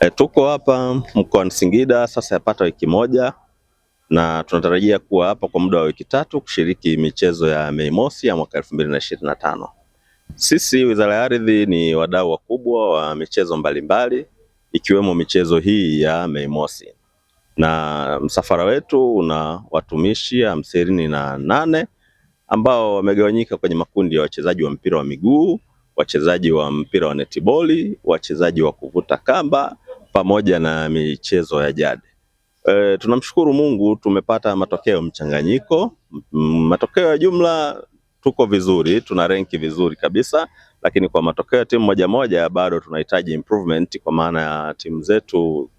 E, tuko hapa mkoani Singida sasa yapata wiki moja na tunatarajia kuwa hapa kwa muda wa wiki tatu kushiriki michezo ya Mei Mosi ya mwaka 2025. na na tano. Sisi Wizara ya Ardhi ni wadau wakubwa wa michezo mbalimbali ikiwemo michezo hii ya Mei Mosi, na msafara wetu una watumishi hamsini na nane ambao wamegawanyika kwenye makundi ya wachezaji wa mpira wa miguu wachezaji wa mpira wa netiboli, wachezaji wa kuvuta kamba pamoja na michezo ya jadi. E, tunamshukuru Mungu tumepata matokeo mchanganyiko. Matokeo ya jumla tuko vizuri, tuna renki vizuri kabisa, lakini kwa matokeo ya timu moja moja bado tunahitaji improvement kwa maana ya timu zetu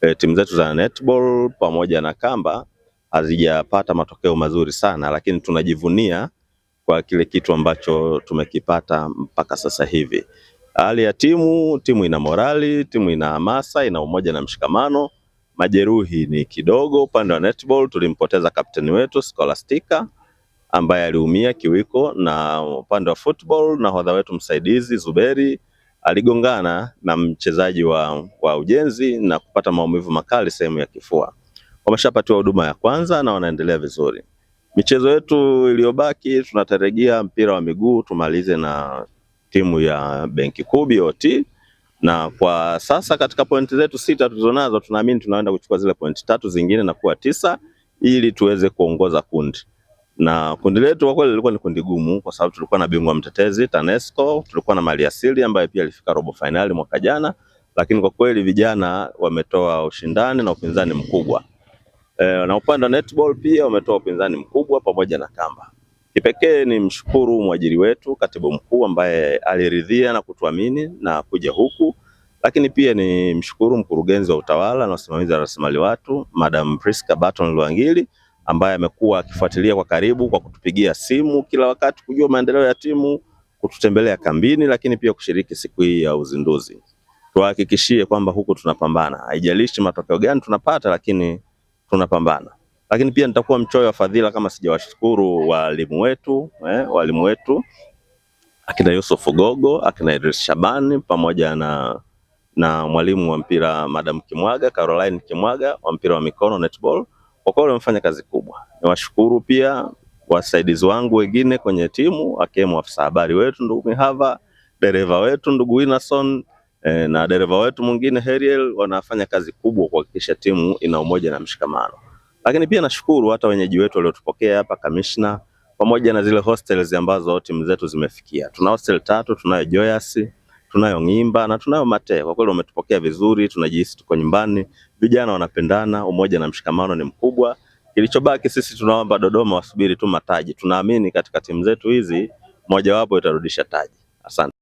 e, timu zetu za netball pamoja na kamba hazijapata matokeo mazuri sana, lakini tunajivunia kwa kile kitu ambacho tumekipata mpaka sasa hivi. Hali ya timu, timu ina morali, timu ina hamasa, ina umoja na mshikamano. Majeruhi ni kidogo. Upande wa netball tulimpoteza kapteni wetu Scholastica ambaye aliumia kiwiko, na upande wa football nahodha wetu msaidizi Zuberi aligongana na mchezaji wa, wa ujenzi na kupata maumivu makali sehemu ya kifua. Wameshapatiwa huduma ya kwanza na wanaendelea vizuri. Michezo yetu iliyobaki tunatarajia mpira wa miguu tumalize na timu ya Benki Kuu BOT, na kwa sasa katika pointi zetu sita tulizonazo tunaamini tunaenda kuchukua zile pointi tatu zingine na kuwa tisa ili tuweze kuongoza kundi. Na kundi letu kwa kweli lilikuwa ni kundi gumu, kwa sababu tulikuwa na bingwa mtetezi TANESCO, tulikuwa na Maliasili ambaye pia alifika robo fainali mwaka jana, lakini kwa kweli vijana wametoa ushindani na upinzani mkubwa. E, na upande wa netball pia wametoa upinzani mkubwa pamoja na kamba. Kipekee ni mshukuru mwajiri wetu katibu mkuu ambaye aliridhia na kutuamini na kuja huku, lakini pia ni mshukuru mkurugenzi wa utawala na usimamizi wa rasilimali watu Madam Priska Baton Luangili ambaye amekuwa akifuatilia kwa karibu kwa kutupigia simu kila wakati kujua maendeleo ya timu, kututembelea kambini, lakini pia kushiriki siku hii ya uzinduzi. Tuhakikishie kwamba huku tunapambana, haijalishi matokeo gani tunapata, lakini tunapambana, lakini pia nitakuwa mchoyo wa fadhila kama sijawashukuru walimu wetu eh, walimu wetu akina Yusuf Gogo akina Idris Shabani pamoja na na mwalimu wa mpira Madam Kimwaga Caroline Kimwaga wa mpira wa mikono netball, kwa kweli wamefanya kazi kubwa. Niwashukuru pia wasaidizi wangu wengine kwenye timu akiwemo afisa habari wetu ndugu Mihava, dereva wetu ndugu Winason, e, na dereva wetu mwingine Heriel wanafanya kazi kubwa kuhakikisha timu ina umoja na mshikamano. Lakini pia nashukuru hata wenyeji wetu waliotupokea hapa, kamishna pamoja na zile hostels ambazo timu zetu zimefikia. Tuna hostel tatu, tunayo Joyous, tunayo Ngimba na tunayo Mate. Kwa kweli wametupokea vizuri, tunajihisi tuko nyumbani, vijana wanapendana, umoja na mshikamano ni mkubwa. Kilichobaki sisi tunaomba Dodoma wasubiri tu mataji. Tunaamini katika timu zetu hizi mojawapo itarudisha taji. Asante.